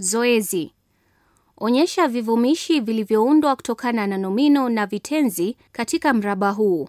Zoezi: onyesha vivumishi vilivyoundwa kutokana na nomino na vitenzi katika mraba huu.